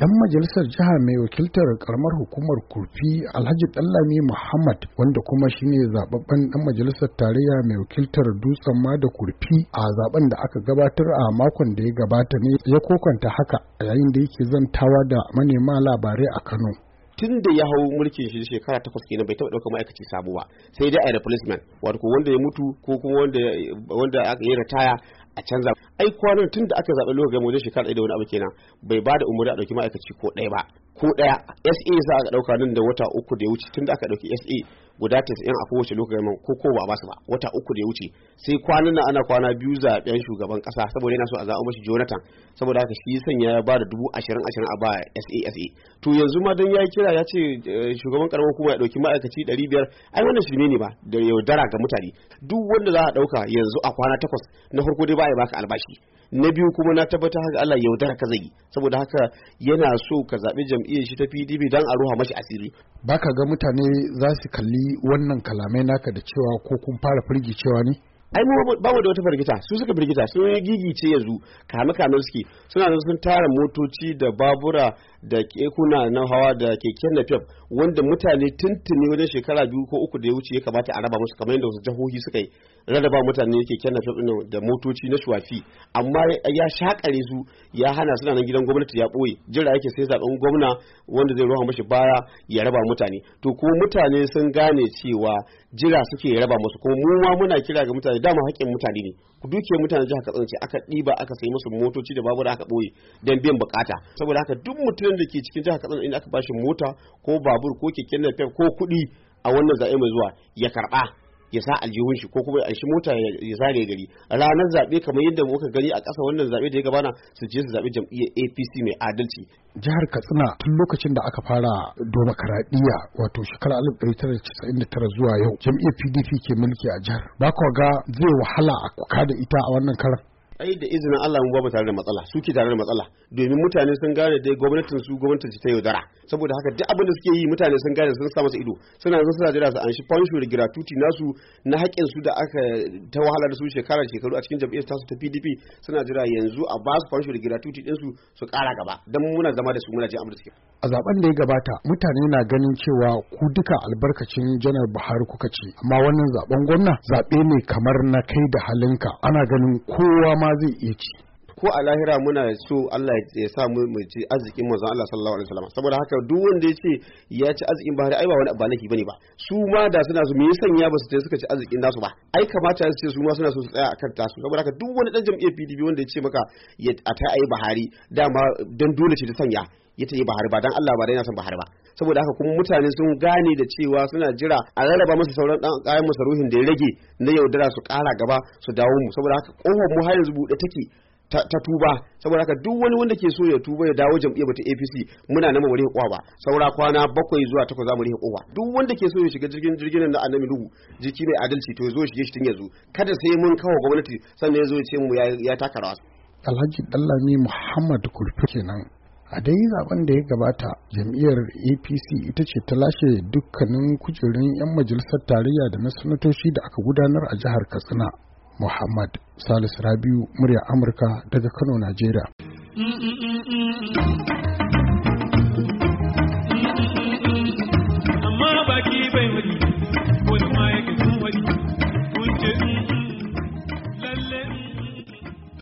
dan majalisar jiha mai wakiltar karamar hukumar kurfi alhaji dallami muhammad wanda kuma shine zababben dan majalisar tarayya mai wakiltar dutsen ma da kurfi a zaben da aka gabatar a makon da ya gabata ne ya kokanta haka a yayin da yake zantawa da manema labarai a kano tun da ya hau mulkin shi shekara takwas kenan bai taɓa ɗaukar ma'aikaci sabo ba sai dai a replacement wato wanda ya mutu ko kuma wanda wanda aka yi ritaya a canza ai kwanan tun da aka zaɓi lokacin wajen shekara ɗaya da wani abu kenan bai ba da umarni a ɗauki ma'aikaci ko ɗaya ba ko ɗaya sa aka ɗauka nan da wata uku da ya wuce tun da aka ɗauki sa guda 90 a kowace lokacin ko ko ba a basu ba wata uku da ya wuce sai kwanan na ana kwana biyu zaben shugaban kasa saboda yana so a zaɓa mashi Jonathan saboda haka shi sanya ya ba da dubu ashirin ashirin a ba SASA to yanzu ma don ya kira ya ce eh, shugaban karamar kuma ya ɗauki ma'aikaci ɗari biyar ai wannan shirme ne ba da yaudara ga mutane duk wanda za a ɗauka yanzu a kwana takwas na farko dai ba yi baka albashi na biyu kuma na tabbatar haka Allah yaudara ka zai saboda haka yana so ka zaɓi jam'iyyar shi ta PDP dan a ruha mashi asiri baka ga mutane za su kalli wannan kalamai naka da cewa ko kun fara firgicewa ne? ai mu ba mu da wata firgita su suka firgita su yi gigice yanzu kame kame suke suna nan sun tara motoci da babura da kekuna na hawa da keken na fef wanda mutane tuntuni wajen shekara biyu ko uku da ya wuce ya kamata a raba musu kamar yadda wasu jahohi suka yi rarraba mutane keken na fef da motoci na shuwafi amma ya shakare su ya hana suna nan gidan gwamnati ya ɓoye jira yake sai zaben gwamna wanda zai roha mashi baya ya raba mutane to ko mutane sun gane cewa jira suke raba musu kuma mu ma muna kira ga mutane dama haƙƙin mutane ne duke mutane jihar katsina ce aka ɗiba aka sai musu motoci da babura aka ɓoye don biyan bukata saboda haka duk mutumin da ke cikin jihar katsina in aka bashi mota ko babur ko keken napep ko kuɗi a wannan zaɓe mai zuwa ya karɓa ya sa aljihun shi ko kuma ya shi mota ya zare gari ranar zaɓe kamar yadda muka gani a ƙasa wannan zaɓe da ya gabana su je su zaɓi jam'iyyar APC mai adalci. Jihar Katsina tun lokacin da aka fara domokaraɗiyya wato shekarar tara zuwa yau jam'iyyar PDP ke mulki a jihar. Ba ga zai wahala a kuka da ita a wannan karan. ai da izinin Allah mu ba tare da matsala su ke tare da matsala domin mutane sun gane dai gwamnatin su gwamnatin ta yaudara saboda haka duk abin da suke yi mutane sun gane sun sa masa ido suna nan suna jira su an shi fanshu da gratuity nasu na haƙƙin su da aka ta wahala da su shekara shekaru a cikin jam'iyyar tasu ta PDP suna jira yanzu a ba su fanshu da gratuity din su su kara gaba dan muna zama da su muna ji abin da suke a zaben da ya gabata mutane na ganin cewa ku duka albarkacin janar Buhari kuka ce amma wannan zaben gwamna zabe ne kamar na kai da halinka ana ganin kowa ma zai iya ci ko a lahira muna so Allah ya sa mu mu ci arzikin manzon Allah sallallahu alaihi wasallam saboda haka duk wanda ya ce ya ci arzikin bahari ai ba wani ba laifi bane ba su ma da suna su me ya sanya ba su ce suka ci arzikin nasu ba ai kamata su ce su ma suna so su tsaya akan tasu saboda haka duk wani dan jam'iyyar PDP wanda ya ce maka ya ta ai bahari dama dan dole ce ta sanya ya ta yi bahari ba dan Allah ba dai yana son bahari ba saboda haka kuma mutane sun gane da cewa suna jira a rarraba masa sauran dan kayan masaruhin da ya rage na yaudara su kara gaba su dawo mu saboda haka kofar mu har yanzu buɗe take ta tuba saboda haka duk wani wanda ke so ya tuba ya dawo jam'iyyar ta APC muna nan mu rihe ba saura kwana bakwai zuwa takwas za mu rihe kowa duk wanda ke so ya shiga jirgin jirgin na annabi ruhu jiki mai adalci to ya zo shige shi tun yanzu kada sai mun kawo gwamnati sannan ya zo ya ce mu ya taka rawa Alhaji Dallami Muhammad Kulfi kenan a dai zaben da ya gabata jam'iyyar apc ita ce ta lashe dukkanin kujerun 'yan majalisar tarayya da na sanatoci da aka gudanar a jihar katsina muhammad salis rabiu murya amurka daga kano najeriya Mm-mm-mm-mm-mm.